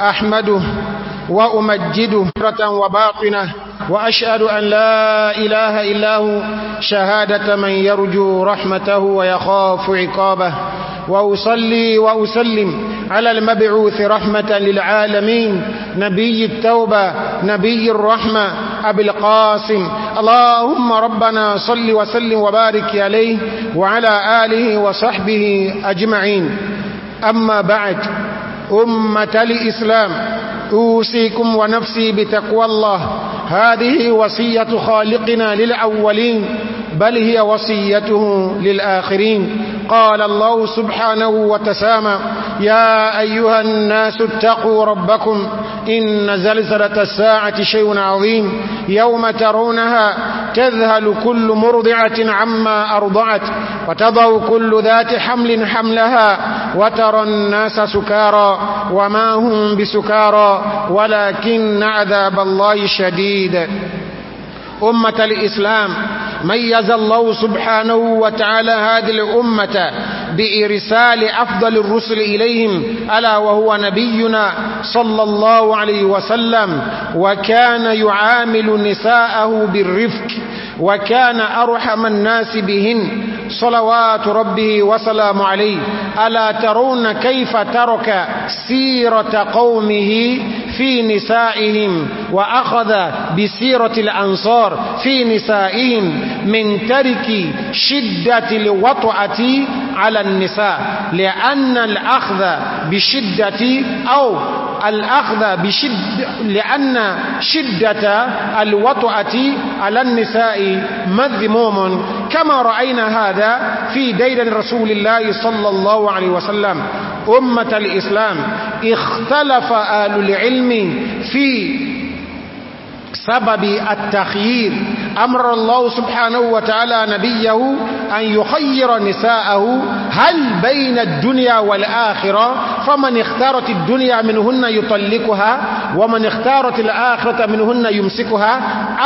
أحمده وأمجده مرة وباطنة وأشهد أن لا إله إلا هو شهادة من يرجو رحمته ويخاف عقابه وأصلي وأسلم على المبعوث رحمة للعالمين نبي التوبة نبي الرحمة أبي القاسم اللهم ربنا صل وسلم وبارك عليه وعلى آله وصحبه أجمعين أما بعد أمة الإسلام أوصيكم ونفسي بتقوى الله هذه وصية خالقنا للأولين بل هي وصيته للآخرين قال الله سبحانه وتسامى يا أيها الناس اتقوا ربكم إن زلزلة الساعة شيء عظيم يوم ترونها تذهل كل مرضعة عما أرضعت وتضع كل ذات حمل حملها وترى الناس سكارى وما هم بسكارى ولكن عذاب الله شديد أمة الإسلام ميز الله سبحانه وتعالى هذه الأمة بإرسال أفضل الرسل إليهم ألا وهو نبينا صلى الله عليه وسلم وكان يعامل نساءه بالرفق وكان أرحم الناس بهن صلوات ربه وسلام عليه ألا ترون كيف ترك سيرة قومه في نسائهم وأخذ بسيرة الأنصار في نسائهم من ترك شدة الوطعة على النساء لأن الأخذ بشدة أو الأخذ بشد لأن شدة الوطأة على النساء مذموم كما رأينا هذا في دين رسول الله صلى الله عليه وسلم أمة الإسلام اختلف آل العلم في سبب التخيير أمر الله سبحانه وتعالى نبيه أن يخير نساءه هل بين الدنيا والآخرة فمن اختارت الدنيا منهن يطلقها ومن اختارت الآخرة منهن يمسكها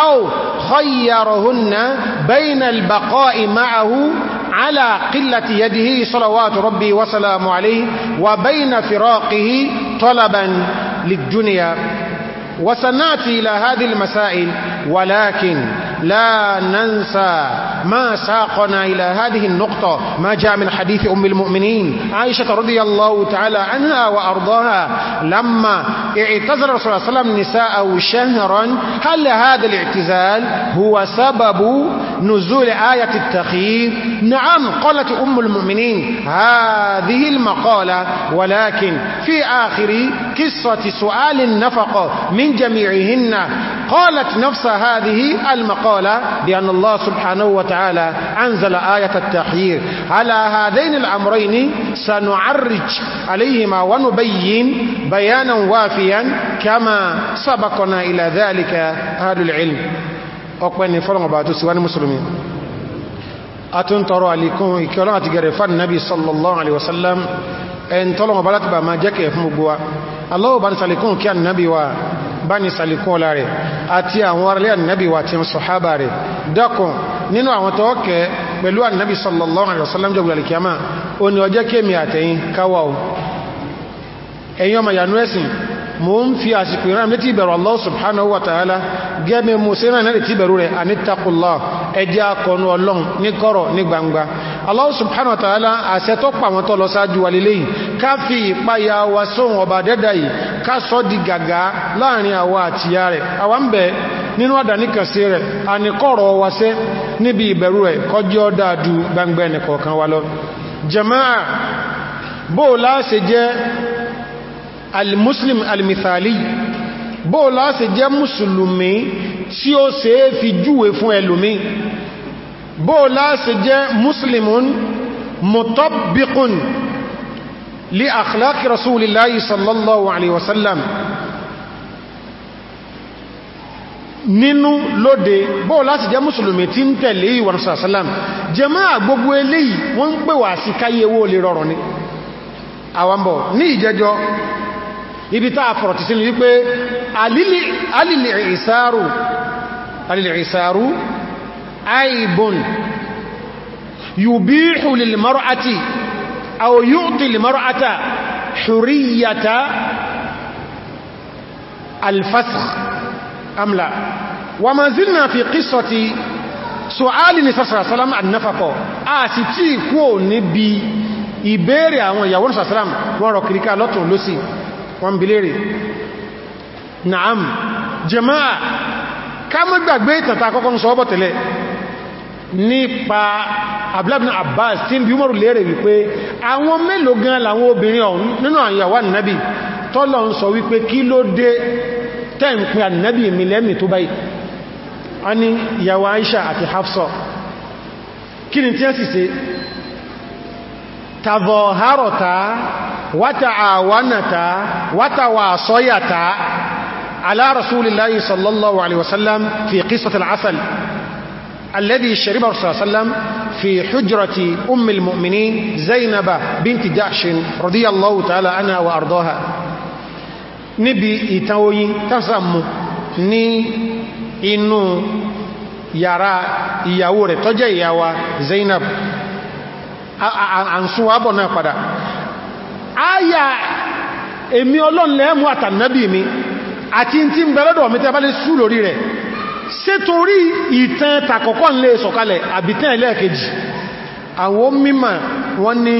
أو خيرهن بين البقاء معه على قلة يده صلوات ربي وسلام عليه وبين فراقه طلبا للدنيا وسناتي إلى هذه المسائل ولكن لا ننسى ما ساقنا إلى هذه النقطة ما جاء من حديث أم المؤمنين عائشة رضي الله تعالى عنها وأرضاها لما اعتزل رسول الله صلى الله عليه وسلم نساءه شهرا هل هذا الاعتزال هو سبب نزول آية التخييف نعم قالت أم المؤمنين هذه المقالة ولكن في آخر قصة سؤال النفقة من جميعهن قالت نفس هذه المقالة بأن الله سبحانه وتعالى أنزل آية التحيير على هذين الأمرين سنعرج عليهما ونبين بيانا وافيا كما سبقنا إلى ذلك أهل العلم أقواني فرما بعد سوان المسلمين أتنطروا عليكم إكرام تقري النبي صلى الله عليه وسلم ẹn tọ́lọ̀wọ̀ bá látìbà máa jẹ́kẹ̀ẹ́ fún gbogbo wa Allah bá ń sàlékún bá ní sàlìkún ọlá rẹ̀ àti àwọn arìlẹ́ ànìyàbí wà tí ń sọ̀hábà rẹ̀ dákùn nínú àwọn tọ́ọ̀kẹ́ pẹ̀lú ànìyàbí sallallahu alaihi wasallam jọ gbẹ̀lẹ̀kìyàmá mo ń fi àsìkò ìran létí ìbẹ̀rù Allah subhanahu wa ta'ala gẹ́mẹ́ mo sí ìrìn létí ìbẹ̀rù rẹ̀ ànítàkùlá ẹjẹ́ akọnu ọlọ́run ní kọ̀rọ̀ ní gbangba Allah subhanahu wa ta'ala àṣẹ tó pa wọn tó lọ sáájú walilé yìí ká fi ìpáyà wa sóhun ọba dẹ́dà yìí ká sọ di gàgá láàrin jẹ́ almuslim almithali bó láti jẹ́ mùsùlùmí tí ó ṣe é fi júwe fún ẹlòmí bó láti jẹ́ muslimun mutabbiqun li akhlaqi rasulillahi sallallahu alaihi wasallam nínú lóde bó láti jẹ́ mùsùlùmí tí ń tẹ̀lé ìwà rasulallam jàmáà gbogbo eléyìí wọ́n ń pè wá sí káyé owó lè rọrùn ni àwambọ̀ ibi táà fọ̀rọ̀ ti sínú wípé alìlì ìsáàrù aibun yubihu lil mar'ati aw yu'ti lil mar'ata huriyata al-fasakh am la wa ma zilna fi qissati su'ali ni sallallahu alaihi wasallam an-nafaqa a sì ti kú ní bí ìbéèrè àwọn ìyàwó sallallahu wọ́n rọ̀ kìríkà lọ́tún lọ́sí wọ́n bilére na'am jama'a ká mọ́ gbàgbé ìtàntà akọ́kọ́ sọ ọbọ̀ tẹ̀lẹ̀ nípa abúlábìnà abbas tí ń bí umaru lérè wípé àwọn mélòó gan làwọn obìnrin ọ̀hún nínú àyàwó annabi tọ́lọ̀ ń sọ wípé kí ló dé tẹ́ǹpin annabi milẹ́mì tó báyìí a ní ìyàwó aisha àti hafsa kí ni tí ẹ́ sì ṣe تظاهرتا وتعاونتا وتواصيتا على رسول الله صلى الله عليه وسلم في قصة العسل الذي شربه صلى الله عليه وسلم في حجرة أم المؤمنين زينب بنت جحش رضي الله تعالى عنها وأرضاها نبي إتوي تسمو ني إنو يرى ìyàwó rẹ̀ tọ́jẹ́ àǹsùn àbọ̀ náà padà ayà èmi ọlọ́n lẹ́mú àtànábì mi àti tí ń bẹ̀rẹ̀dọ̀ mi tẹ́ bá lè sú lórí rẹ̀ ṣé torí ìtàn tàkọ́kọ́ ń lè sọ̀kalẹ̀ àbìtàn ẹlẹ́ẹ̀kejì àwọn mímọ̀ wọ́n ní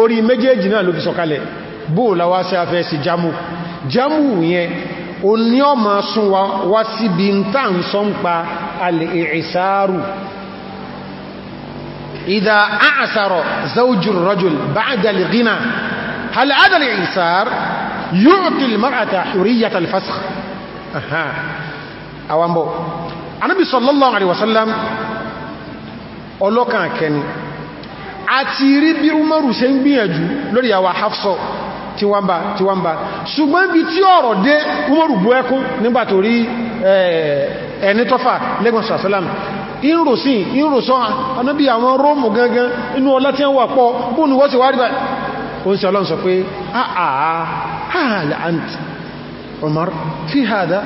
orí méjèèjì náà ló fi sọ̀kalẹ̀ bóò إذا أعسر زوج الرجل بعد الغنى هل هذا الإعسار يعطي المرأة حرية الفسخ أها أوامبو النبي صلى الله عليه وسلم ọlọ́kàn kẹni a ti rí bí Umaru ṣe ń gbìyànjú lórí àwà Hafsọ tí wọ́n bá tí wọ́n bá ṣùgbọ́n bí tí ọ̀rọ̀ dé Umaru bú ẹkún nígbàtò rí ẹni tọ́fà lẹ́gbọ̀n sàṣọ́lámù ìrùsí ìrùsọ́ anábí àwọn róòmù gangan inú ọlá tí wọ́n pọ̀ bóòlù wọ́n sì wá rí báyìí ó ń sọ ọlọ́n sọ pé ah, ah, ah, Umar fi hada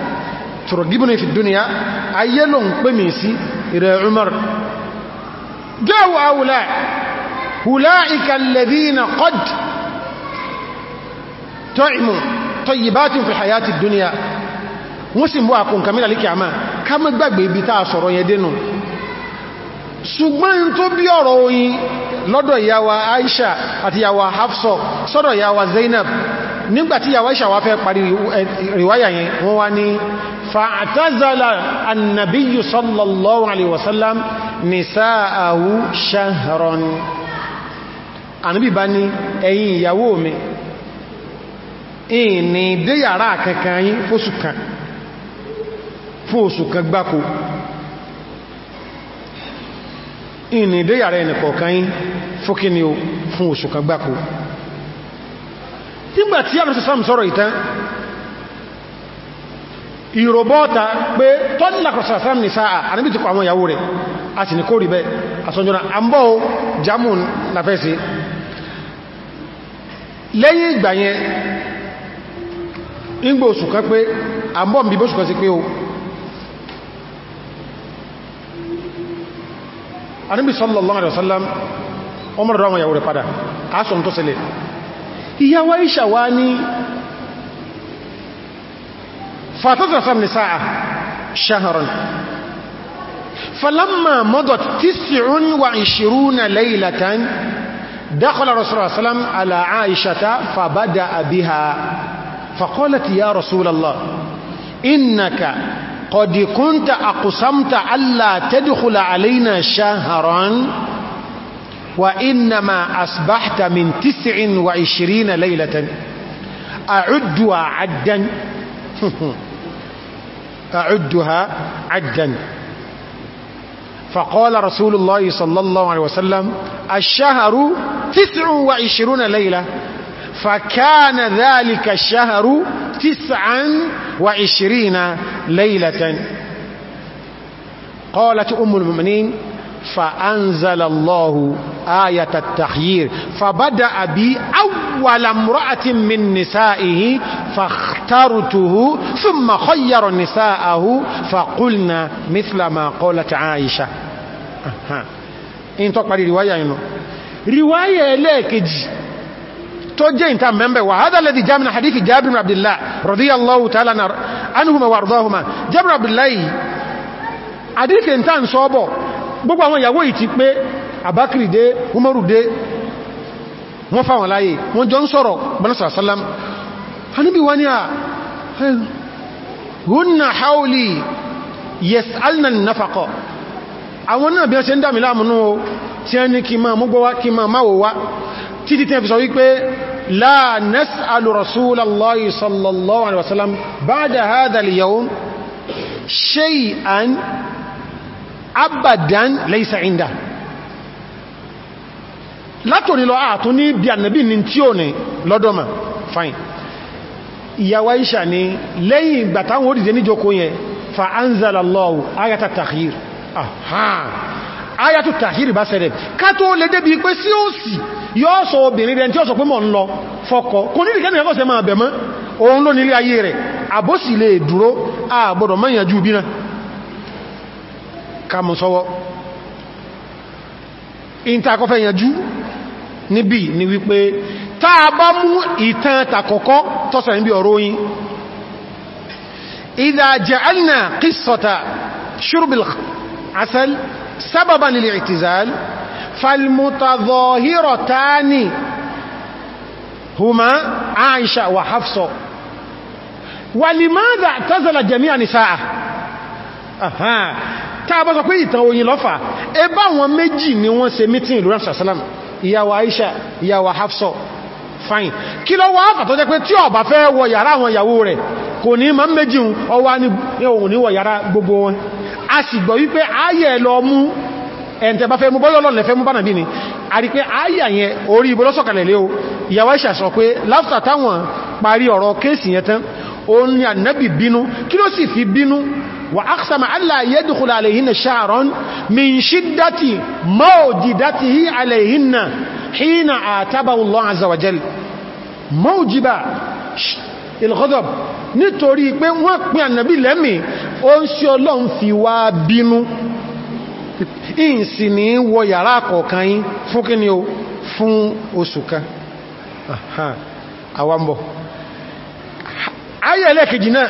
turgibuni fi duniya ayyelo n pe mi si ire Umar jawo awula hulaika alladhina qad ta'imu tayyibatin fi hayati duniya ká má gbàgbé ibi tá a sọ̀rọ̀ yẹn dénú ṣùgbọ́n tó bí ọ̀rọ̀ oyin lọ́dọ̀ ìyàwó Aisha àti ìyàwó Hafsa sọ́dọ̀ ìyàwó Zainab nígbàtí ìyàwó Aisha wá fẹ́ parí riwaya yẹn wọ́n wá ní fa'tazala annabiyyu sallallahu fún oṣù kan gbáko ìní ìdíyàrá ẹnìkọ̀ọ̀kan yí fún kí ni o fún oṣù kan gbáko nígbàtí yàmù sí sáàmù sọ́rọ̀ ìtàn ìrọ̀bọ́ta pé tọ́lìlàkọ̀sà àwọn ìyàwó a ní kó rí jamu lẹ́yìn ìgbà yẹn pé sí pé o anábì sallallahu alaihi wasallam ọmọ rọrọ ìyàwó rẹ̀ padà aṣọ tó sílẹ̀ ìyàwó Aisha wá ní fàtàtàfàm ní sáà ṣaharan falamma mọ́dọ̀t tis'un wa ishiruna laylatan dakhala rasulullah sallam ala aishata fabada'a biha faqalat ya rasulallah innaka قد كنت أقسمت ألا تدخل علينا شهرا وإنما أصبحت من تسع وعشرين ليلة أعدها عدا أعدها عدا فقال رسول الله صلى الله عليه وسلم الشهر تسع وعشرون ليلة فكان ذلك الشهر تسعا وعشرين ليلة قالت أم المؤمنين فأنزل الله آية التخيير فبدأ بي أول امرأة من نسائه فاخترته ثم خير نساءه فقلنا مثل ما قالت عائشة إن تقبل رواية يعني. رواية لكج tó jẹ́ ìta mẹ́mbẹ̀ wà hádà lẹ́dì jámìnà hadithi jábìnà abdullá rọ̀díyàlláwù tààlà na anuhuma wà rọ̀dọ́huma jábìnà abdullá yìí hadithi ìta ń sọ́bọ̀ gbogbo àwọn ìyàwó ìtì pé abakiri dé umaru dé wọ́n fáwọn láyé wọ́n jọ ń sọ̀rọ̀ bọ́násàrásálám hanibi wani a hunna hauli yas'alna nafaqa àwọn náà bí wọ́n ṣe títí tẹ́ fi sọ wípé la nas'alu rasulallahi sallallahu alaihi wasallam ba'da hadha al-yawm shay'an abadan laysa inda látòrí lọ àtún ní bí ànàbí ní tí ò ní lọ́dọ́mà fine ìyàwó Aisha ni lẹ́yìn ìgbàtàwọn òdìdẹ níjókòó yẹn fa anzalallahu ayata ayatù tàhírì ba sẹ́rẹ̀ ká tó lè débi pé sí ó sì yọ́ sọ obìnrin rẹ̀ tí ó sọ pé mọ̀ ń lọ fọ́kọ kò ní ìdíkẹ́ ìrẹ́kọ́ máa bẹ̀ òun ló nílé ayé rẹ̀ àbósì lè dúró àgbọ̀dọ̀ mọ́yànjú bí náà ká mọ̀ sọ́wọ́ ìntàkọ́fẹ́ ni سببا للاعتزال فالمتظاهرتان هما عائشة وحفصة ولماذا اعتزل جميع نساء أها tàbá sọ pé ìtàn oyin lọ́fà ẹbá wọn méjì ni wọ́n ebe mítìn ìlú ránṣà sálàm ìyàwó Aisha fine wa lọ ya wa tó jẹ́ pé tí ó bá fẹ́ wọ yàrá àwọn ìyàwó rẹ̀ kò ní ma méjì a sì gbọ́ wípé ayẹ̀ lọ mú ẹ̀ntẹ̀ bá fẹ́ mú bọ́yọ́ lọ́lẹ̀ fẹ́ mú bá nàbí ni a rí pé ayà yẹn orí ibo lọ́sọ̀kalẹ̀ lé o ìyàwó Àìṣà sọ pé láfta táwọn parí ọ̀rọ̀ kéèsì yẹn tán ó ní ànábì bínú kí ló sì fi bínú wà áksàmà allá nítorí pé wọ́n pín ànàbí lẹ́mì ó ń sí ọlọ́run fi wá bínú ìsì ní wọ yàrá kọ̀ọ̀kan yí fún kí ni o fún oṣù kan àwambọ̀ ayé ẹlẹ́kejì náà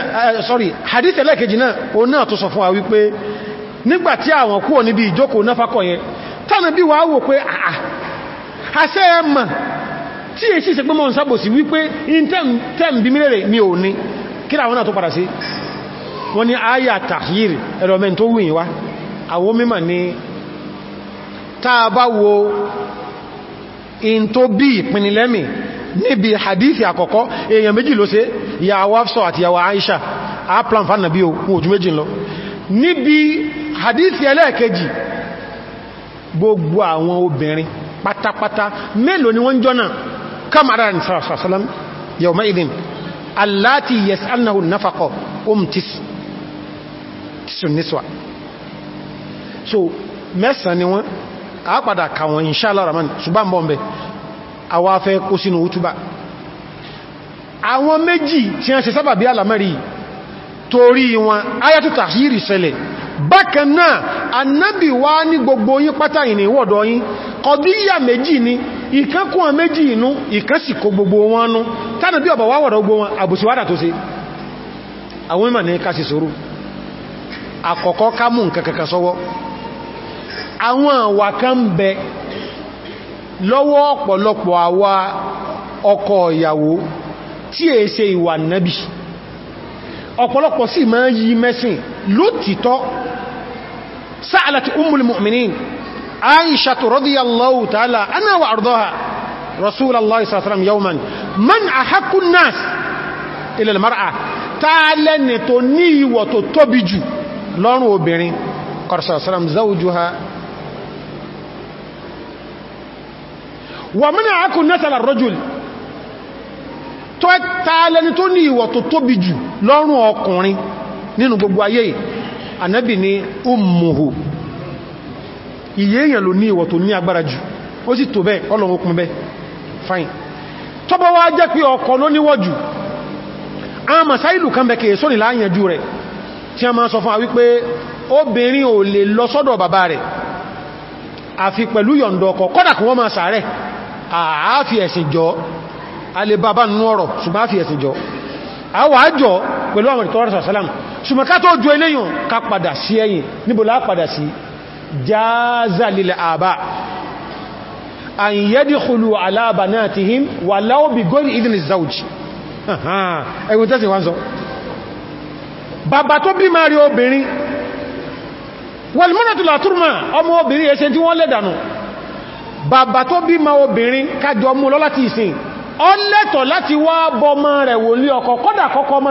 sorry hadith ẹlẹ́kejì náà o náà tó sọ fún wa wípé nígbàtí àwọn kúrò níbi ìjókòó náà fakọ̀ yẹn tánà bí wà wò pé àà àṣẹ́ ẹ̀mà tí èsì ìsẹ̀gbọ́mọ̀ ń sábòsí wípé in tẹ́m bí mílẹ̀ mi ò ní kí làwọn náà tó padà sí wọ́n ní àyà tàhírí ẹ̀rọ̀mẹ́ tó wùyìn wá àwọn mímọ̀ ni táa bá wo in tó bí ìpínlẹ́mì níbi hadithi àkọ́kọ́ èèyàn méjì ló ṣe yàwó Hafsa àti yàwó Aisha a plan fa nàbí ohun ojú méjì lọ níbi hadithi ẹlẹ́ẹ̀kejì gbogbo àwọn obìnrin pátápátá mélòó ni wọ́n jọ́nà kamaran kamara alaihi wasallam yawma idin allati yas'alnahu an-nafaqa umtis sunniswa so mẹ́sàn ni wọ́n a padà kàwọn inṣàlá ramani ṣùgbọ́n bọ́m̀bẹ̀ àwọn afẹ́ kó sínú útúbà àwọn méjì tí wọ́n ṣe sábà bí alamari torí wọn ayatu tahiri ṣẹlẹ̀ bákan náà annabi wá ní gbogbo yín pátá ìní wọ́dọ̀ kọ̀díyà méjì ni ìkánkún méjì inú ìkánsì kó gbogbo wọn nú tánà bí ọ̀bọ̀ wáwọ̀dọ̀ gbogbo wọn àbùsíwádà tó ṣe àwọn ìmọ̀ ní kásì sòrò àkọ́kọ́ kámù nkankankan sọ́wọ́ àwọn àwà kan bẹ lọ́wọ́ ọ̀pọ̀lọpọ̀ àwa ọkọ ìyàwó tí è ṣe ìwà nábì ọ̀pọ̀lọpọ̀ sì máa yí mẹ́sìn lótìtọ́ sáàlàtí ummul عائشة رضي الله تعالى أنا وأرضها رسول الله صلى الله عليه وسلم يوما من أحق الناس إلى المرأة تعالى نتني وتتبج لون وبرين قال صلى الله عليه وسلم زوجها ومن أحق الناس على الرجل تعالى نتني وتتبج لون وقرين نينو gbogbo ayé ànábì ni ummuhu iye èèyàn ló ní ìwọ̀ tó ní agbára jù ó sì tó bẹ́ẹ̀ ọlọ́run okun bẹ́ẹ̀ fine tó bá wá jẹ́ pé ọkọ̀ ló níwọ̀ jù a mà sáìlù kan bẹ̀ kèèso ní láàyànjú rẹ̀ tí a máa sọ fún a wípé obìnrin ò lè lọ sọ́dọ̀ bàbá rẹ̀ àfi pẹ̀lú yọ̀ǹdọ̀ ọkọ kọ́dà kí wọ́n máa sàárẹ̀ àáfi ẹ̀sìn jọ jaza lil aba an yadkhulu ala banatihim walau bi ghayri idhni az-zawj ẹ̀wọ̀n tẹ́sí wọ́n sọ bàbá tó bí máa rí obìnrin wọlmọ́nà tó látúrùmà ọmọ obìnrin ẹsẹ tí wọ́n lẹ́dànù bàbá tó bí máa obìnrin kájọ mú lọ láti ìsìn ọ lẹ́tọ̀ láti wá bọ́mọ rẹ̀ wòlí ọkọ kọ́dà kọ́kọ́ mọ́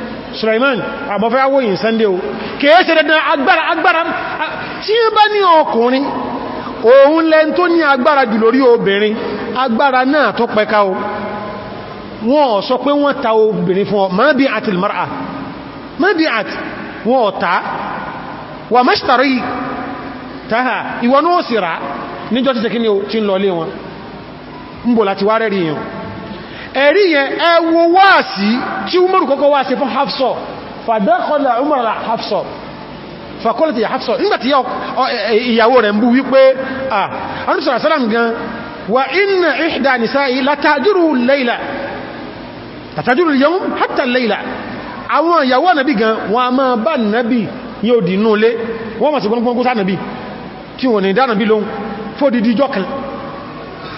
Suleiman àbọ̀fẹ́ awóyìn Sunday o kèése dandan agbára agbára tí ó bá ní ọkùnrin òun lẹ́n tó ní agbára jù lórí obìnrin agbára náà tó pẹ́ká o wọ́n sọ pé wọ́n ta obìnrin fún ọ ma bí àti mara ma bí àti wọ́n ta wà mẹ́ṣtàrí ẹ̀rí yẹn ẹwọ wáàsí tí umaru kọ́kọ́ wáàsí fún hafsọ fàdákọ́lá umaru hafsọ fàkọ́lẹ̀tì hafsọ nígbàtí ìyàwó rẹ̀ ń bú wípé ah anúsọ̀rọ̀ sálàm gan wa inna ihda nisa'i latajiru layla tàtàjúrù yẹun hátà lẹ́ìlà àwọn ìyàwó ànàbí gan wọn a máa bá nàbí yóò dì inú ilé wọ́n máa sì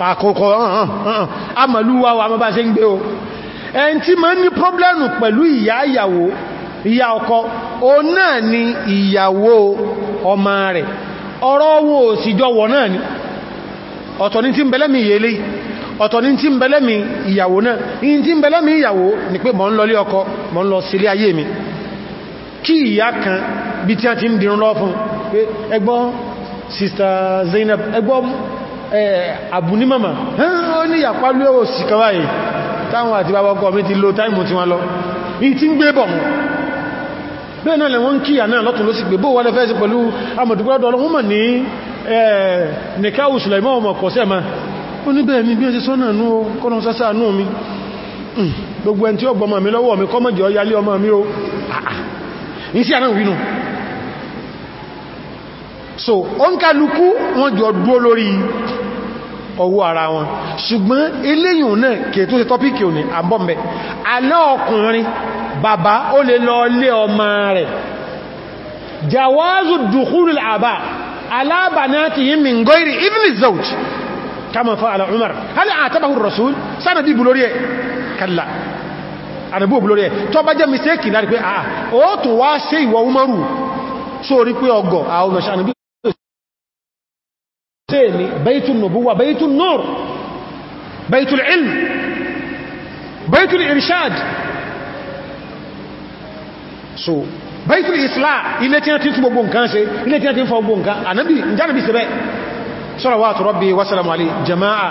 àkókò àmàlúwà wà mọ́ bá ṣe ń gbé o ẹn tí ma ń ní pọ́blẹ́nù pẹ̀lú ìyá ìyàwó ìyá ọkọ o náà ni ìyàwó ọmọ rẹ̀ ọ̀rọ̀ wo òsìjọwọ̀ náà ni ọ̀tọ̀ ní tí ń bẹ̀lẹ́mì ìyẹlé ọ̀tọ̀ ní tí ń bẹ̀lẹ́mì ìyàwó náà in tí ń bẹ̀lẹ́mì ìyàwó ni pé mò ń lọ lé ọkọ mò ń lọ sílé ayé mi kí ìyá kan bí tí a ti ń dirun lọ fún ẹgbọ́n sister Zainab ẹgbọ́n àbúnímọ̀mà eh, ó ní ìyàpálú ẹ̀wọ̀ sí kan báyìí táwọn àti bàbá ọkọ mi ti lo táìmù tí wọ́n lọ ní tí ń gbé bọ̀ bẹ́ẹ̀ náà lẹ́wọ́n kí àná lọ́tún ló sì gbé bó wọ́n lẹ́fẹ́ sí pẹ̀lú amọ̀dúgbọ́dọ̀ ọlọ́wọ́n mọ̀ ní eh, nìkáwù sùlẹ̀mọ́ ọmọ kọ̀ọ̀sẹ̀ ma ó ní bẹ́ẹ̀ ni bí ó ṣe sọ́nà nú o kọ́nà sásà nú mi hmm, gbogbo ẹn tí ó gbọmọ̀ mi lọ́wọ́ mi kọ́mọ̀jọ́ o ní so ó ń wọ́n jọ dúó lórí ọwọ́ ara wọn ṣùgbọ́n eléyìn náà kè tó ṣe tọ́píkì òní àbọ́m̀bẹ̀ alẹ́ ọkùnrin bàbá ó lè lọ lé ọmọ rẹ̀ jawazu dukhulul àbá alábànátihim min goyri ibn zawj kama fa'ala umar hal atabahu ar-rasul sana di bulori kalla anabu bulori tó bá jẹ́ mistake la so rí pé ogo a o lo tèmi baitun nubuwa baitun nur baitul ilm baitul irshad so baitul isla ilé tí a ti ń tún gbogbo nǹkan ṣe ilé tí a ti ń fọ gbogbo nǹkan ànábì ìjánàbì sí bẹ́ salawatu rabbi wa salamu alayhi jama'a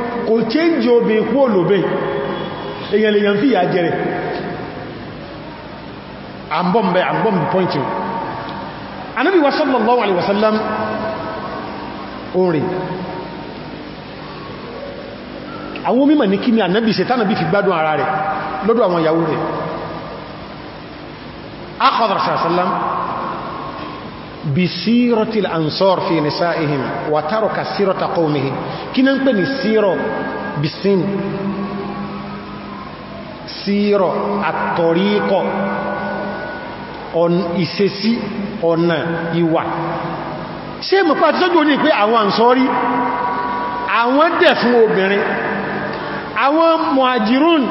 kò change obì kú olóbè èyàn lè yàn fi ìyà jẹrẹ àbọ̀m̀bẹ̀ àbọ̀m̀ point you anábi wasallallahu alaihi wasallam orin àwọn mímọ̀ ní kí ni ànábì ṣe tánàbí fi gbádùn ara rẹ̀ lọ́dọ̀ àwọn ìyàwó rẹ̀ akọ̀dọ̀ sallam bisírọtí ansọ́r fi nisáihim wà tàrọkà sírọta qawmihi kí na ń pè ní sírọ bisin sírọ àtọ̀ríkọ ìsesí ọ̀nà ìwà ṣe mọ̀ pàtí sọ́jú ní pé àwọn ansọ́rí àwọn dẹ̀ fún obìnrin àwọn mọ̀hajirun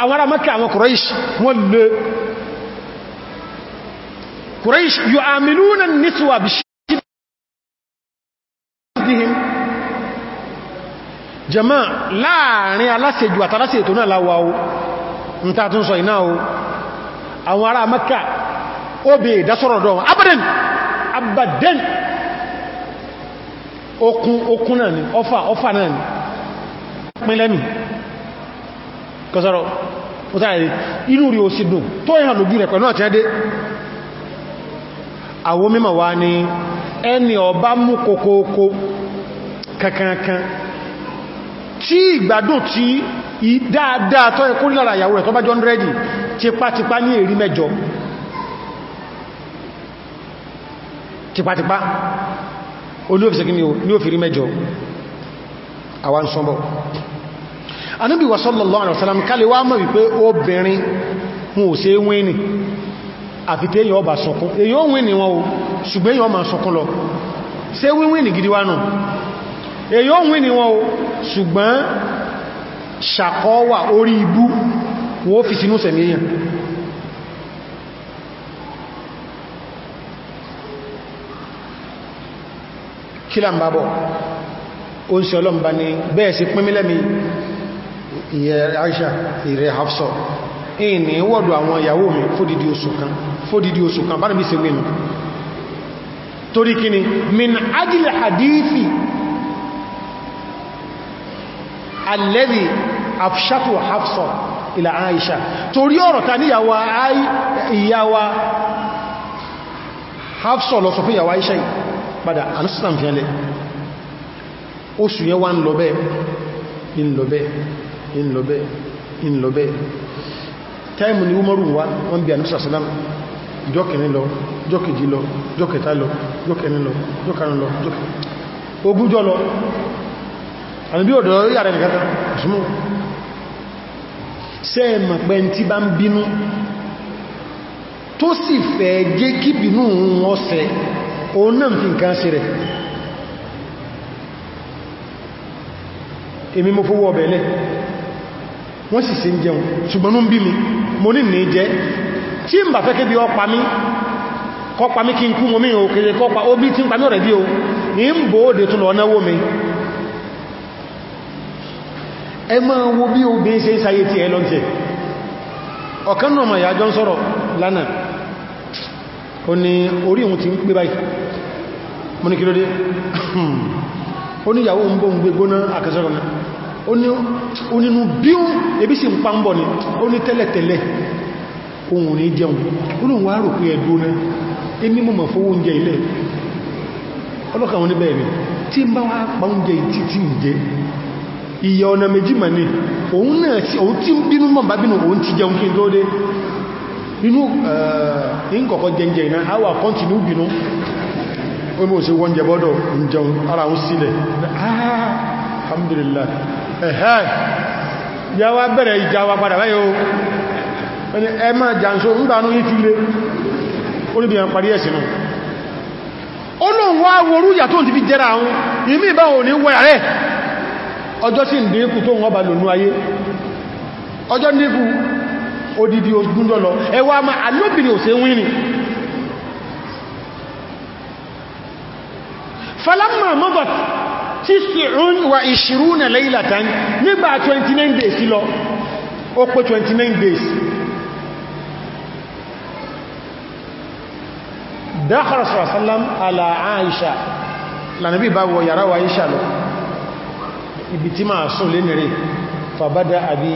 àwọn ará àwọn Quraish قريش يعاملون النسوة بشدهم جماع láàrin aláṣejù àtàláṣe ètò náà láwá o ń ta tún sọ iná o àwọn ará Mẹ́kà ó bè ìdásọ́rọ̀ dọ́ wọn abadan abadan okun okun náà ni ọfà ọfà náà ni pínlẹ́nu kọsọ́rọ̀ inú rí ó sì dùn tó ìhàn lójú rẹ̀ pẹ̀lú àti ẹdẹ́ àwọn mímọ̀ wá ní ẹni ọba mú kòkòókò kankankan tí ìgbádùn tí dáadáa tọ́ ẹkú lára ìyàwó rẹ̀ tó bá jọ tipatipa ní èrí mẹ́jọ tipatipa olóòfisẹ́kí ni ó fi rí mẹ́jọ àwọn sọ́bọ̀ Ànábì wa sallallahu alaihi wasallam kálẹ̀ wá mọ̀ wípé obìnrin mú ò sí àfi tí èyàn ọba sọkún èyàn ò wìn ní wọn o ṣùgbọ́n èyàn ọmọ sọkún lọ ṣe wíwìn ní gidi wá nù èyàn ò wìn ní wọn o ṣùgbọ́n ṣàkọwà orí ibú wọ́n fi sínú sẹ̀mí kí là ń bá bọ̀ ó ń ṣe ọlọ́mbà ni bẹ́ẹ̀ sí pínmílẹ́mi ìyẹ̀ Aisha ìrẹ̀ Hafsa ìní wọ́dọ̀ àwọn ìyàwó mi fódìdí oṣù kan fódìdí oṣù kan bá níbi sewé mi torí kíni min ajil hadithi alladhi afshatu hafsa ila aisha torí ọ̀rọ̀ ta ní ìyàwó hafsa lọ sọ fún ìyàwó aisha padà anúsùsàn fi ẹlẹ́ oṣù yẹn wá ń lọ bẹ́ẹ̀ ń lọ bẹ́ẹ̀ ń lọ bẹ́ẹ̀ ń lọ bẹ́ẹ̀ táìmù ni umaru wá wọ́n bí àníṣà sálám jọ́kìní lọ jọ́kìjì lọ jọ́kẹta lọ jọ́kẹni lọ jọ́kẹni lọ ogúnjọ́ lọ àmì bí ọ̀dọ̀ yàrá nìkátà ṣùmọ́ sẹ́ẹ̀mọ̀ pẹ́ tí bá ń bínú tó sì fẹ́ jẹ́ kí bínú wọn sẹ òun náà fi nǹkan sí rẹ̀ èmi mo fowó ọbẹ̀ lẹ́ wọ́n sì sí ń jẹun ṣùgbọ́n ń bí mi mo ní ní jẹ́ tí ń bà fẹ́ kébí ọpa mi kọpa mi kí n kú momi o kèrè kọpa ó bí tí ń pa mí ọ̀rẹ́ bí o ní ń bò ódè tún lọ náwó mi ẹ oninu bí ó ebi si ń pa ń bọ̀ ní ó ní tẹ́lẹ̀tẹ́lẹ̀ ohun ní jẹun olóhun wá rò pé ẹ̀dùn rẹ̀ èmi mọ̀ mọ̀ fówó oúnjẹ ilẹ̀ ọlọ́kà wọn níbẹ̀ rẹ̀ tí ń bá wá pa oúnjẹ ìtìtì ń jẹ ìyẹ ọ̀nà méjì mà ní òun náà tí òun tí bínú mọ̀ bá bínú òun ti jẹun kí n inú ìkọ̀kọ́ eh, iná bínú ya wa bẹ̀rẹ̀ ìjà wa padà o ẹ má jàǹsó ń gbanú ní ti lé oríbìyàn parí náà ó lóun wá worú ìyà tó ń ti fi jẹ́ra àwọn ìmí ìbáwọn ò ní ọjọ́ sí ìdínkù tó wọ́n bá ayé ọjọ́ níkù odidi ogúndọ̀ ẹwà ma alóbìnrin tis'un wa ishiruna laylatan nígbà 29 days lọ ó pé 29 days dákàrà sọ̀rọ̀sọ́lám ala Aisha lànàbí bá wọ yàrá wa Aisha lọ ibi tí máa sùn lé nìrí fàbádá àbí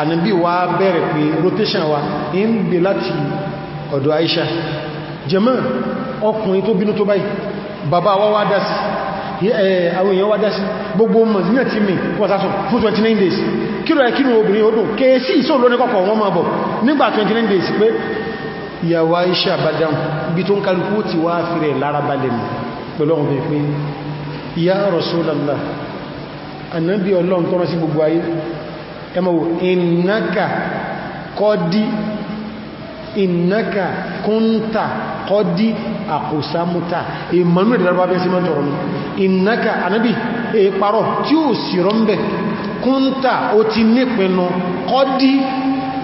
ànàbí wa bẹ̀rẹ̀ pé rotation wa in bí láti ọ̀dọ̀ Aisha jẹ́mọ́ ọkùnrin tó bínú tó báyìí bàbá wa wá dá sí àwọn èèyàn wádá sí gbogbo mọ̀sílẹ̀ tí mi wọ́sásùn fún 29 days kíro ẹ kínú obìnrin odò kéèsí ìsò lóní kọ́kọ́ wọn máa bọ̀ nígbà 29 days pé ìyàwó Aisha badam bí tó ń kálukú ti wá fìrẹ̀ lára balẹ̀ mi pẹ̀lú ọmọ pé ya Rasulallah anábí ọlọ́run tọ́rọ sí gbogbo ayé ẹmọ̀wò ìnáka kúnta kọ́dí àkùsámúta ìmọ̀nú ìdàrà bẹ́ sí mọ́ tọrọ ní ìnáka anábì èparọ̀ tí ó sì rọ́m̀bẹ̀ kúnta ó ti nípinnu kọ́dí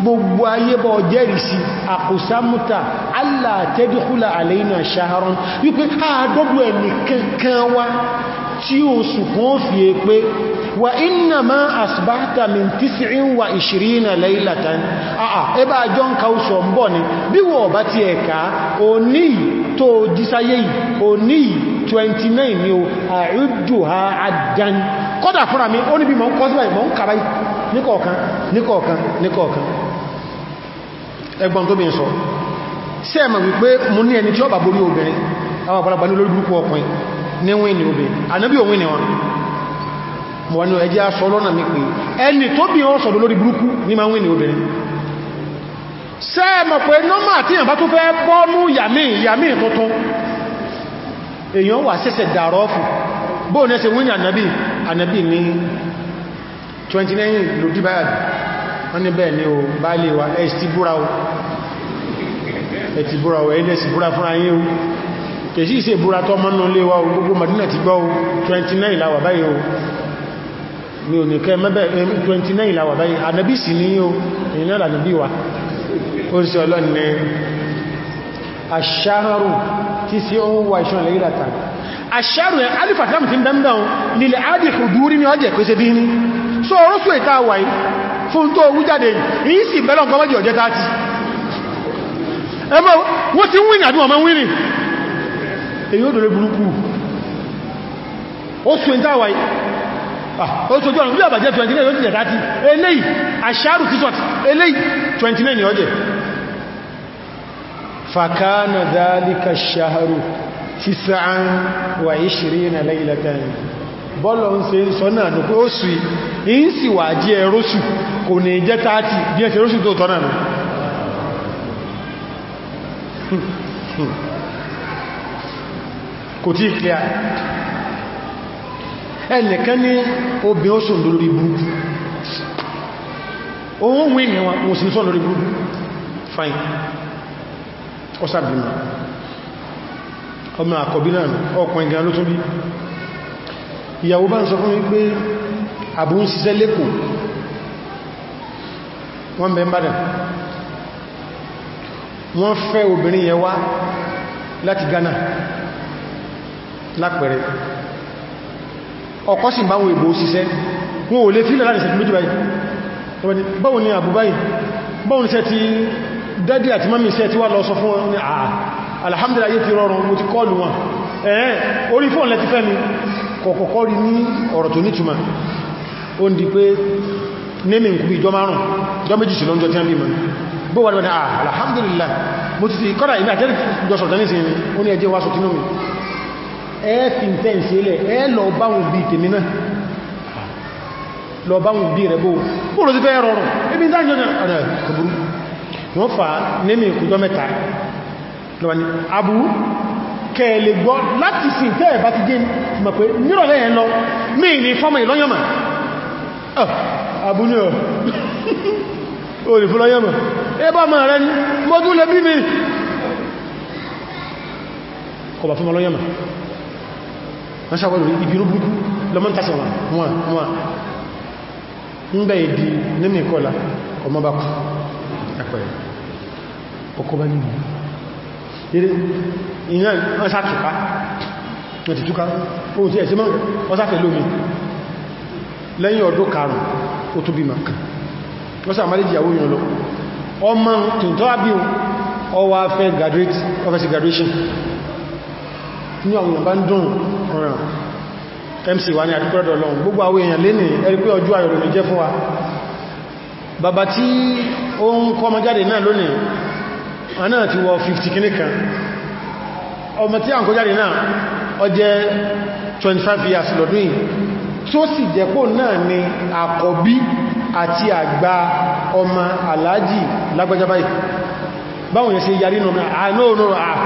gbogbo ayé bọ̀ jẹ́rìsí àkùsámúta alátẹ́dìkúlà àlẹ́yìnà ṣaharon wípé àádọ́gbọ̀ ẹni kankan wá tí ó wa inna ma asbahta min tis'in wa ishirina laylatan aa eba jon ka uso nbo ni bi wo ba ti e ka oni to disaye oni 29 ni o a'udduha addan koda fura mi oni bi mo ko sibai mo nka bai ni ko kan ni ko kan ni ko kan e gbon to bi so se wi pe mo ni eni ti o ba obere obirin awon pala pa ni lori grupo okun ni won ni obirin anabi ni won mọ̀ ní ẹjẹ́ aṣọ lọ́nà mi pé ẹni tó bí wọ́n sọ̀dọ̀ lórí burúkú ní ma ń wí ní obìnrin sẹ́ẹ̀mọ̀ pé nọ́mà tí ìyàmbá tó fẹ́ bọ́nú yàmí yàmí tuntun èèyàn wà sẹ́sẹ̀ dàrọ fún bóò wí ní ànàbí ní 29 lòdí báyàdì ni o bá lè wà ẹ̀sì búra o ẹ̀tì búra o ẹ̀ẹ́dẹ̀sì búra fúnra yín o kèsí ìsẹ̀ búra tọ́ mọ́nà 29 láwà báyìí mi ò ní kẹ mẹ́bẹ̀ 29 ìlàwà báyìí ànábì sì ní yíò ìrìnà ànábì wa ó sì ọlọ́ni ní aṣáàrù tí sí ó wà ìṣọ́ ilẹ̀ ìdàta aṣáàrù ẹ̀ alifatlamu ti dandan nílẹ̀ ádì huduri ní ọjẹ́ pèsè bí ní so orúsù ìta wà fún tó owú jáde yìí sì bẹ́lọ̀ nǹkan mọ́jì ọjẹ́ tààtì ẹmọ́ wọ́n ti wíìn àdúwọ̀n mọ́ wíìn èyí ó dòrò burúkú ó sùn ìta wà yìí oṣù ah, ojú ọ̀nà bí àbàjẹ́ 29 yóò jẹ́ 30 eléyìí àṣàrù t-shirt eléyìí 29 yóò jẹ́ fàkánà dálíkà ṣàhàrù tis'an wa ishrina laylatan bọ́lọ̀ ń se sọ náà ní pé ó sì ń sì wà jí ẹróṣù kò ní jẹ́ 30 bí ẹ̀ṣẹ̀ róṣù tó tọ́nà nù kò tí ìkìlẹ̀ ẹnìkan ní obìn ó sùn lórí burúkú òun wí ní wọn sọ fine ó ọmọ àkọ̀bí náà ọkùnrin ló tún bí ìyàwó bá ń sọ fún pé wọ́n bẹ̀ ń wọ́n fẹ́ obìnrin Ghana lápẹẹrẹ ọkọ́ sì báwọn ìbò òṣìṣẹ́ wọn ò lè fílẹ̀ láti ṣẹ̀tì méjì báyìí báwọn ni àbúbá yìí báwọn ni ṣẹ̀tì dádì àti mọ́mí ṣẹ̀tì wà lọ sọ fún wọn ni àà ah, alhamdulillah yé ti rọrùn mo ti kọlù wọn ẹ̀ẹ́ orí fóòn lẹ́ti fẹ́ mi kọ̀kọ̀kọ́ rí ní ọ̀rọ̀ tó nítumà ó ń di pé nẹ́mì ń kú ìjọ márùn-ún jọ méjì ah, alhamdulillah mo ti fi kọ́dà ìgbà jẹ́rì jọ sọ̀tẹ́ nísìnyí ó ní mi ẹ́ẹ̀fì tẹ́ǹsì ilẹ̀ ẹ́ lọ báwọn bí tèmi náà lọ báwọn bí rẹ̀ bó púrò sí fẹ́ rọrùn ebi dájọ́ ọ̀rẹ́ kòbúrú wọ́n fà nẹ́mì ìkùjọ mẹ́ta aburú kẹ́ẹ̀lẹ̀ gbọ́ láti sin tẹ́ẹ̀ bá ti gé mọ̀ pé nírọ̀lẹ́ ẹ̀ lọ mí ní fọ́mọ̀ ìlọ́yọ̀mà ah, abúlé ọ̀ olùfúnlọ́yọ̀mà ẹbọ́ ma rẹ̀ ní mọ́dún lẹ́bí mi kọ̀bà fún ọlọ́yọ̀mà wọ́n ṣàwọn ìbínú burúkú lọ́mọ́ tàṣà wọn wọn wọn ń bẹ̀ ìdí nínú ìkọlá ọmọ bá kú ẹ̀pẹ̀rẹ̀ ọkọ̀ bá nínú eré iná wọ́n sàtùká wọ́n ti túká ohun tí ẹ̀sí mọ́ wọ́n sáfẹ́ lómi lẹ́yìn ọdún karùn ó tó bí ma wọ́n sàmàlì ìyàwó yìí lọ ọmọ tìntọ́ àbí ọwà fẹ́ graduate office graduation ní àwọn èèyàn bá ń dùn ọ̀ràn mc wa ní àdúgbọ́dọ̀ lọ́wọ́n gbogbo àwọn èèyàn lè ní ẹ̀rí pé ọjọ́ ayọ̀ lónìí jẹ́ fún wa bàbá tí ó ń kọ́ ọmọ jáde náà lónìí ọmọ tí a ń kọ́ jáde náà ó 25 years lọ́dún yìí tó sì jẹ́pọ̀ náà ni àkọ́bí àti àgbà ọmọ aláàjì lágbàjábáyì báwọn yẹn ṣe yarí náà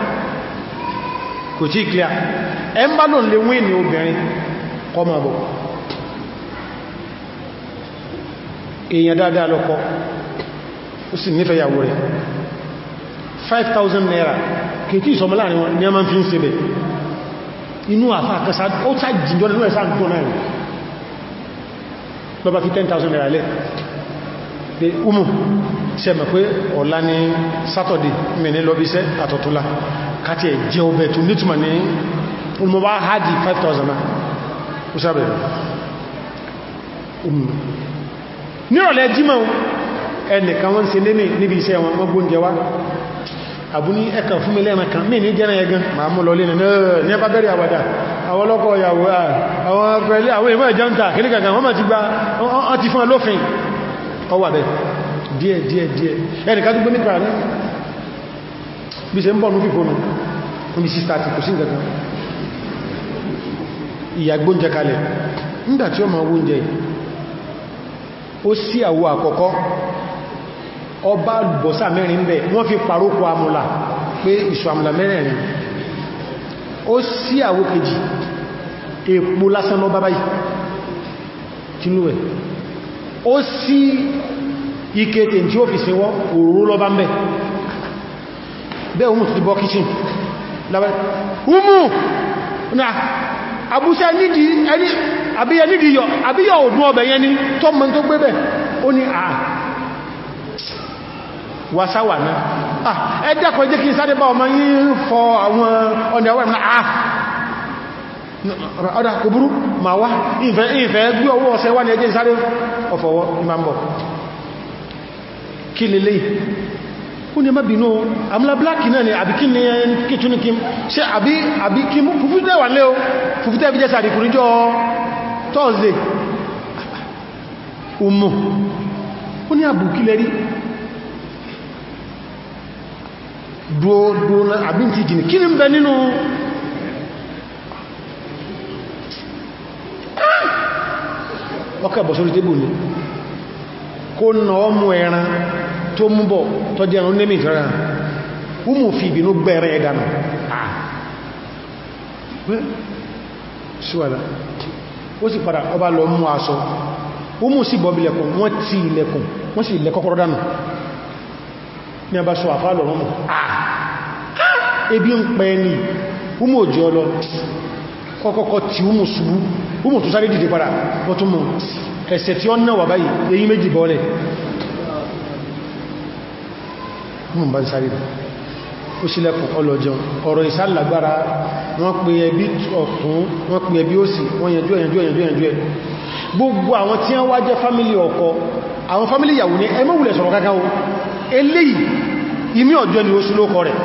kò tí clear ẹmbá lò lè wé ní obìnrin kọmọ bọ̀ èèyàn dáadáa lọ́kọ ó sì nífẹ̀ẹ́ ìyàwó rẹ̀ 5,000 naira kìtí ìsọmọ láàrin wọn ní a máa fi ń sebẹ̀ inú àfá àkásá ó tá jìnjọ́ lọ́nà ìsáà tó náà rẹ̀ lọ́bá fi 10,000 naira lẹ́ umu sẹ́mọ̀ pé ọ̀la ní Saturday mẹ́ni lọ bí iṣẹ́ àtọ̀tọ́lá káti ẹ̀ jẹ́ ọbẹ̀ tó nítumọ̀ ní olùmọ̀ bá hajji 5,000 náà ó sábẹ̀rẹ̀ nírọ̀lẹ́ jímọ̀ ẹnìkan wọ́n se lé níbi iṣẹ́ wọn gbóúnjẹ wá àbú ní ẹkàn fún mi lẹ́ran kan mí ní jẹ́nà ẹgan ma mú lọ lẹ́nà náà ní ẹbá bẹ̀rẹ̀ àwàdà àwọn ọlọ́kọ̀ ìyàwó àwọn ẹgbẹ̀rẹ̀ àwọn ìmọ̀ ìjọ́ntà kìlìkàkà wọ́n ti fún ọlọ́fin ọwà bẹ̀rẹ̀ díẹ̀ díẹ̀ díẹ̀ ẹnìkan tó gbé nípa rẹ̀ bí ṣe ń bọ̀ ní fífónù ní sísta àti kò sí ǹkankan ìyàgbóúnjẹ kalẹ̀ nígbà tí ó ma wóúnjẹ ó sí àwọ àkọ́kọ́ ọba bọ̀sà mẹ́rin bẹ̀ wọ́n fi parókò amúlà pé ìṣò àmúlà mẹ́rin ó sí àwọ kejì èpo lásán lọ bábáyì kínú ẹ̀ ó sí ike tí tí ó fi sinwọ́ òòrùn lọ bá ń bẹ̀ bẹ́ umu ti bọ́ kíṣìn lábẹ́ umu na abúṣẹ́ àbíyẹ nídìí yọ àbíyẹ òdún ọbẹ̀ yẹn ni tó mọ́ tó gbé bẹ̀ ó ní à wàsáwà náà ah ẹjẹ́ kọ̀ jẹ́ kí n sáré bá ọmọ yìí fọ àwọn ọ̀nà ẹwà ìmìnà ọ̀dá kò burú ma wá ìfẹ́ gbí ọwọ́ ọ̀sẹ̀ wá ní ẹjẹ́ sáré ọ̀fọ̀wọ́ ìmàmbọ̀ kí lélé ó ní ẹmọ́ bínú àmúlá bláàkì náà ni àbí kí ní kíkún kí ṣe àbí kí mú fúfútẹ́ wà lé o fúfútẹ́ bí jẹ́sà àríkùnrin jọ Thursday ọmọ ó ní àbùkí lẹ́rí dúó àbí ti jìnì kí ní ń bẹ nínú ọkà bọ̀sọ̀rọ̀ tébù ni kó nà ọmọ ẹran tó mú bọ̀ tó jẹ́ ọ̀nà mìí tọ́ra umu fi ìbínú gbẹ̀rẹ̀ ẹ̀dànà ah. ṣíwàlá ó sì padà ọba lọ mú aṣọ umu sì bọ̀bí lẹ́kùn wọ́n ti ilẹ̀kùn wọ́n sì ilẹ̀ kọ́kọ́rọ́ dànù ní a bá ṣọ àfá lọ mọ́mọ̀ ebi ń pẹ ní umu òjì ọlọ mú bá ń sáré ó sílẹ̀kùn ọlọ́jọun ọ̀rọ̀ ìsálàgbára wọ́n pe ẹbí ọ̀tún wọ́n pe ẹbí òsì wọ́n yanjú ẹ̀yanjú ẹ̀yanjú ẹ̀yanjú ẹ̀ gbogbo àwọn tí wọ́n wá jẹ́ fámílì ọkọ àwọn fámílì ìyàwó ní ẹ má wulẹ̀ sọ̀rọ̀ kankan ni oṣù lókọ rẹ̀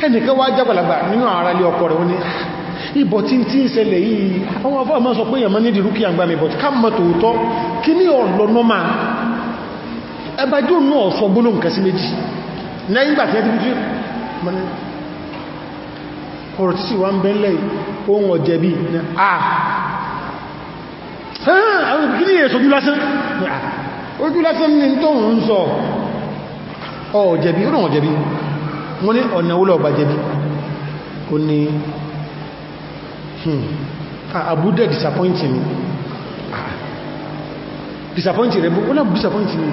wọ́n ni ibọ̀ ah, tí tí ń ṣẹlẹ̀ yìí àwọn afọ́ àmọ́ sọ pé èèyàn mọ́ nídìí rúkìá gbàmì bọ̀ ká mọ́ ẹba jù náà sọ gbónú nǹkan sí méjì lẹ́yìn gbà tẹ́tí bí ọ̀rọ̀ tí sì wá ń bẹ́ lẹ́ ohun ọ̀jẹ̀bí ọ̀jẹ̀bí ọ̀jẹ̀bí wọ́n ní ọ̀nà wúlọ̀ ọ̀gbà jẹ̀bí ó ní àbúdẹ̀ hmm, disappointing me disappointing rẹ̀ bú ó náà disappointing me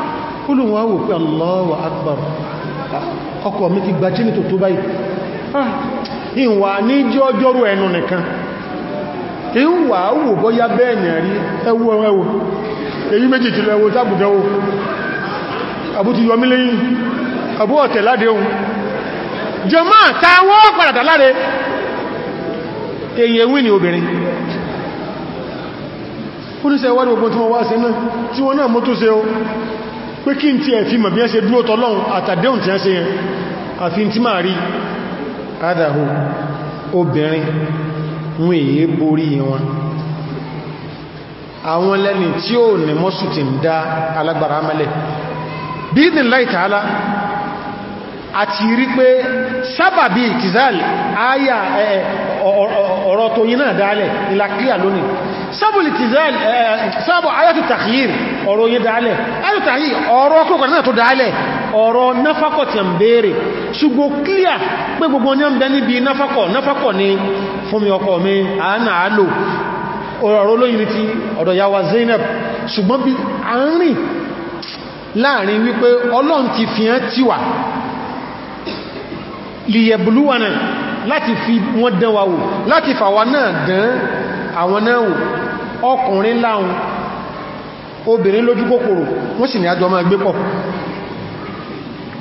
kúlù wọn wò pé Allahu Akbar ọkọ̀ mi ti gbají ní tòtó báyìí ah, ìwà ní jẹ́ ẹnu nìkan ìwà wò bọ́yá bẹ́ẹ̀nì rí ẹwú ẹwú èyí méjì ti lọ ẹwú àbú ti yọmí lẹ́yìn àbú ọ̀tẹ̀ láde ohun pé kí n tí ẹ̀ fi mọ̀ bí ẹ́ ṣe dúró tọ́lọ́run àtàdéhùn tí ẹ́ ṣe yẹn àfi tí máa rí adáhù obìnrin wọn èyí borí wọn àwọn lẹ́ni tí ó ní mọ́sù ti ń dá alágbàrá mẹ́lẹ̀ bí ìdínláì tààlá àti rí pé bí ìtìzàl ayà ọ̀rọ̀ tó yí náà dálẹ̀ ìlàkíyà lónìí sábàbí ìtìzàl sábà ayàtù tàkìyìr ọ̀rọ̀ yí dálẹ̀ ayàtù tàkìyìr ọ̀rọ̀ ọkùnkùn náà tó dálẹ̀ ọ̀rọ̀ náfàkọ̀ ti ń Ọlọ́run ti fi tiwa lìyẹ̀bùlúwànà láti fi wọ́n dán wa wò láti fàwa náà dán àwọn náà wò ọkùnrin láhun obìnrin lójú kòkòrò wọ́n sì ní àjọ máa gbé pọ̀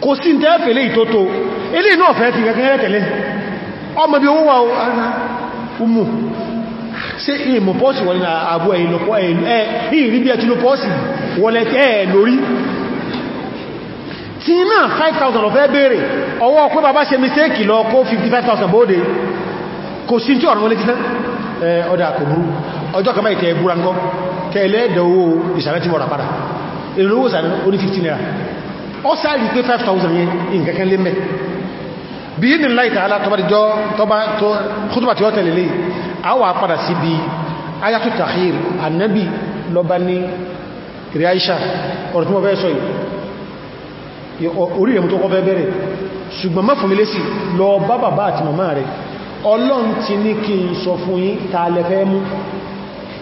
kò sí tẹ́ẹ̀fẹ̀lẹ́ ìtótó ilé inú ọ̀fẹ́ ti gẹ́gẹ́ tẹ̀lé umu ṣe ìmọ̀ pọ́ọ̀sì wọlé àbú ẹ̀yìn lọ́pọ̀ ẹ̀yìn rí bí ẹ̀ tí lọ pọ́ọ̀sì wọlé tí náà 5,000 lọ fẹ́ bèèrè ọwọ́ ọkọ́ bàbá ṣe mistake lọ kó 55,000 bóòdé kò sí tí ọ̀rọ̀ wọlé títẹ́ ọdá kò burú ọjọ́ kọmọ ìtẹ́ ẹgbúra ń gọ́ tẹ́lẹ̀ ẹ̀dọ̀wó ìṣàrẹ́ tí wọ́n rà padà ìrìnlówó ìṣàrẹ́ ó ní 15 naira ọ sáàrì pé 5,000 yẹn ìǹkankan lé mẹ́ bí i nìlá ìtàhálà tọ́bàdìjọ́ tọ́bà tí ó tẹ̀lé lè àwọ̀ àpadà sí bí ayatollah annabi lọ bá ní rí aisha ọ̀rọ̀ tí wọ́n fẹ́ sọ yìí orí ẹ̀mù tó kọ́ fẹ́ bẹ̀rẹ̀ ṣùgbọ́n má fòmílé sí lọ bá bàbá àti màmá rẹ̀ ọlọ́n ti ní kí n sọ fún yín ta lẹ fẹ́ mú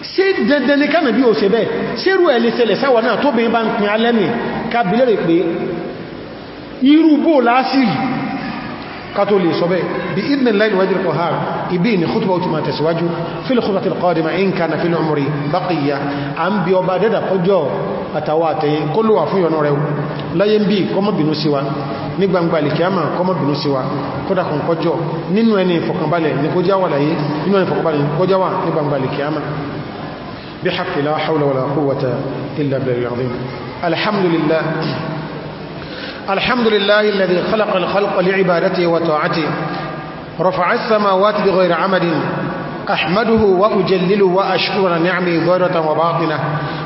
sí dandan ní kánà bí ó ṣe bẹ́ẹ̀ sírù ẹ̀lẹ́ sẹlẹ̀ sáwà náà tó bèé bá ń pin alẹ́mì kábílẹ̀ rẹ̀ pé irú bó lásìrì kátó lè sọ bẹ́ẹ̀ bí idhni Allahi wajir kohar ibi ni khutba ń bí ọba láyé ń bí kọmọ̀bìnú sí wa ní gbangba alìkíyàmà bínú sí wa kódà kan kọjọ nínú ẹni ìfọ̀kànbalẹ̀ ní kó jáwà láyé nínú ẹni ìfọ̀kànbalẹ̀ ní kó jáwà ní gbangba alìkíyàmà bí haqqi la hawla wala quwwata illa billahi al-azim alhamdulillah alhamdulillah alladhi khalaqa al-khalqa li'ibadatihi wa ta'atihi rafa'a as-samawati bighayri أحمده وأجلله وأشكر نعمه ظاهرة وباطنة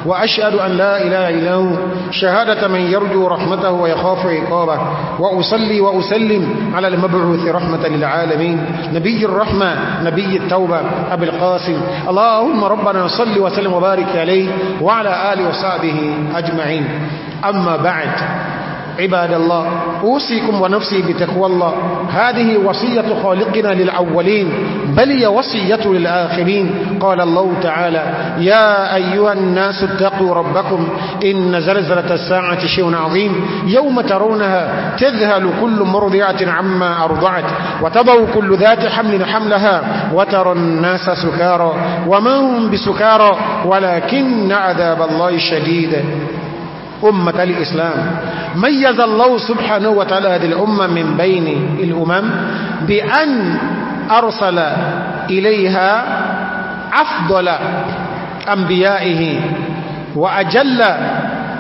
وأشهد أن لا إله إلا هو شهادة من يرجو رحمته ويخاف عقابه وأصلي وأسلم على المبعوث رحمة للعالمين نبي الرحمة نبي التوبة أبي القاسم اللهم ربنا صل وسلم وبارك عليه وعلى آله وصحبه أجمعين أما بعد عباد الله أوصيكم ونفسي بتقوى الله هذه وصية خالقنا للأولين بل هي وصية للآخرين قال الله تعالى يا أيها الناس اتقوا ربكم إن زلزلة الساعة شيء عظيم يوم ترونها تذهل كل مرضعة عما أرضعت وتضع كل ذات حمل حملها وترى الناس سكارى وما هم بسكارى ولكن عذاب الله شديد أمة الإسلام ميز الله سبحانه وتعالى هذه الأمة من بين الأمم بأن أرسل إليها أفضل أنبيائه وأجل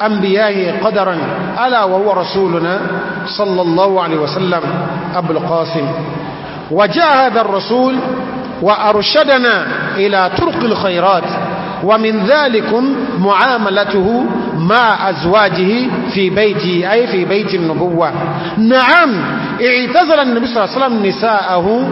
أنبيائه قدرا ألا وهو رسولنا صلى الله عليه وسلم أبو القاسم وجاء هذا الرسول وأرشدنا إلى طرق الخيرات ومن ذلك معاملته مع أزواجه في بيته أي في بيت النبوة نعم اعتزل النبي صلى الله عليه وسلم نساءه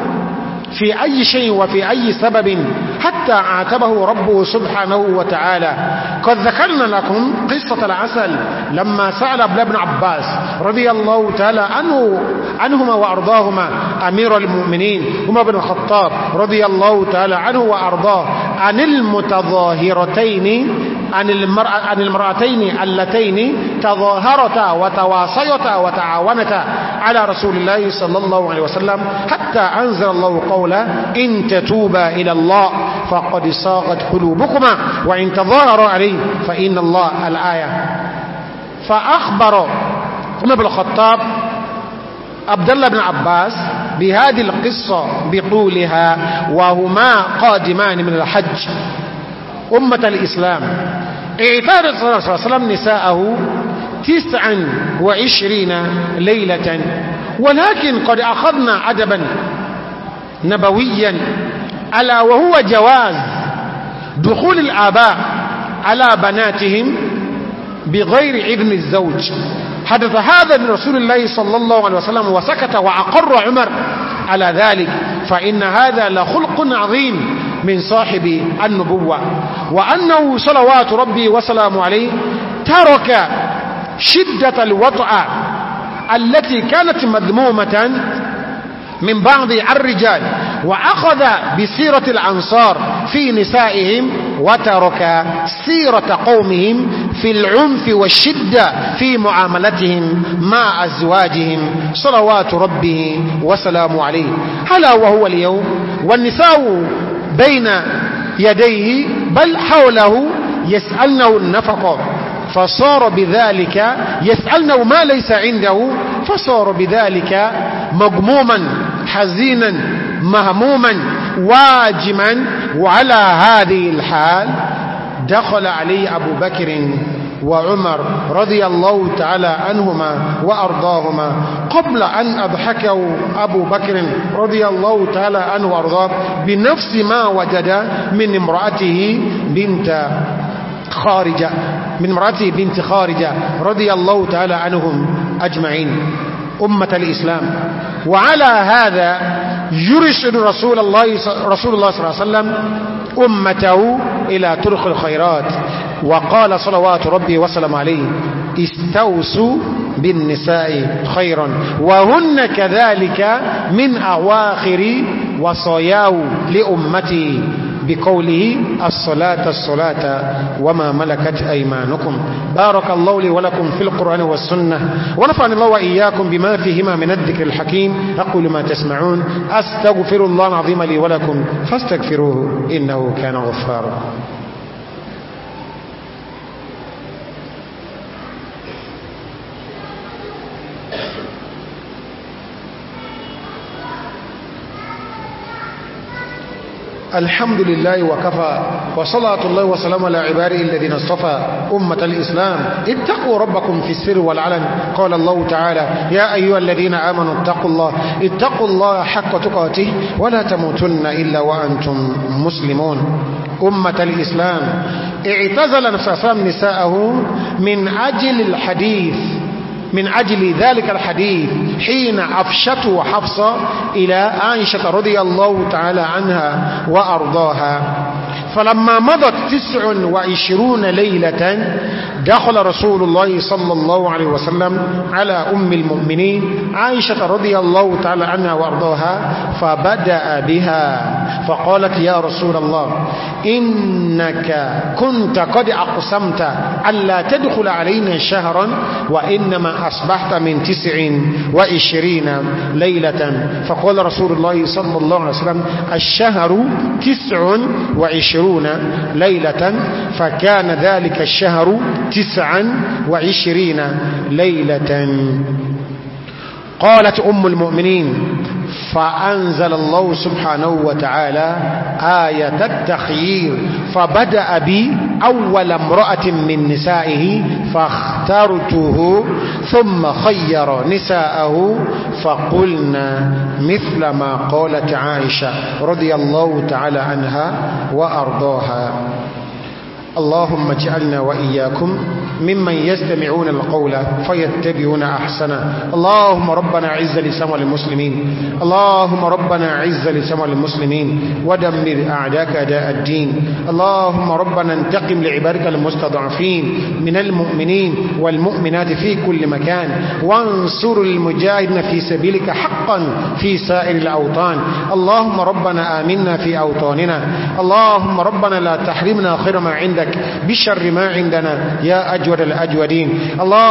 في أي شيء وفي أي سبب حتى عاتبه ربه سبحانه وتعالى قد ذكرنا لكم قصة العسل لما سأل ابن ابن عباس رضي الله تعالى عنه عنهما وأرضاهما أمير المؤمنين هما بن الخطاب رضي الله تعالى عنه وأرضاه عن المتظاهرتين عن المرأة عن المرأتين اللتين تظاهرتا وتواصيتا وتعاونتا على رسول الله صلى الله عليه وسلم حتى أنزل الله قولا إن تتوبا إلى الله فقد صاغت قلوبكما وإن تظاهروا عليه فإن الله الآية فأخبر عمر بن الخطاب عبد الله بن عباس بهذه القصة بقولها وهما قادمان من الحج أمة الإسلام اعتاد صلى الله عليه وسلم نساءه تسعا وعشرين ليلة ولكن قد أخذنا أدبا نبويا ألا وهو جواز دخول الآباء على بناتهم بغير ابن الزوج حدث هذا من رسول الله صلى الله عليه وسلم وسكت وعقر عمر على ذلك فإن هذا لخلق عظيم من صاحب النبوة وأنه صلوات ربي وسلام عليه ترك شدة الوطأ التي كانت مذمومة من بعض الرجال وأخذ بسيرة الأنصار في نسائهم وترك سيرة قومهم في العنف والشدة في معاملتهم مع أزواجهم صلوات ربه وسلام عليه هلا وهو اليوم والنساء بين يديه بل حوله يسألنه النفقة فصار بذلك يسألنه ما ليس عنده فصار بذلك مجموما حزينا مهموما واجما وعلى هذه الحال دخل عليه أبو بكر وعمر رضي الله تعالى عنهما وأرضاهما قبل أن أضحكوا أبو بكر رضي الله تعالى عنه وأرضاه بنفس ما وجد من امرأته بنت خارجة من امرأته بنت خارجة رضي الله تعالى عنهم أجمعين أمة الإسلام وعلى هذا يرشد رسول الله رسول الله صلى الله عليه وسلم أمته إلى ترخ الخيرات وقال صلوات ربي وسلم عليه استوسوا بالنساء خيرا وهن كذلك من أواخر وصياو لأمتي بقوله الصلاة الصلاة وما ملكت أيمانكم بارك الله لي ولكم في القرآن والسنة ونفعني الله وإياكم بما فيهما من الذكر الحكيم أقول ما تسمعون أستغفر الله العظيم لي ولكم فاستغفروه إنه كان غفارا الحمد لله وكفى وصلاة الله وسلام على عباده الذين اصطفى أمة الإسلام اتقوا ربكم في السر والعلن قال الله تعالى يا أيها الذين آمنوا اتقوا الله اتقوا الله حق تقاته ولا تموتن إلا وأنتم مسلمون أمة الإسلام اعتزل نفسه نساءه من أجل الحديث من أجل ذلك الحديث حين أفشته حفصة إلى عائشة رضي الله تعالى عنها وأرضاها فلما مضت تسع وعشرون ليلة دخل رسول الله صلى الله عليه وسلم على أم المؤمنين عائشة رضي الله تعالى عنها وأرضاها فبدأ بها فقالت يا رسول الله إنك كنت قد أقسمت ألا تدخل علينا شهرا وإنما أصبحت من تسع وإشرين ليلة فقال رسول الله صلى الله عليه وسلم الشهر تسع وعشرون ليلة فكان ذلك الشهر تسع وعشرين ليلة قالت أم المؤمنين فأنزل الله سبحانه وتعالى آية التخيير فبدأ بي أول امرأة من نسائه فاخترته ثم خير نساءه فقلنا مثل ما قالت عائشة رضي الله تعالى عنها وأرضاها اللهم اجعلنا وإياكم ممن يستمعون القول فيتبعون أحسنه اللهم ربنا عز لسمع المسلمين اللهم ربنا عز لسمع المسلمين ودمر أعداك أداء الدين اللهم ربنا انتقم لعبادك المستضعفين من المؤمنين والمؤمنات في كل مكان وانصر المجاهدين في سبيلك حقا في سائر الأوطان اللهم ربنا آمنا في أوطاننا اللهم ربنا لا تحرمنا خير ما عندك لك بشر ما عندنا يا أجود الأجودين الله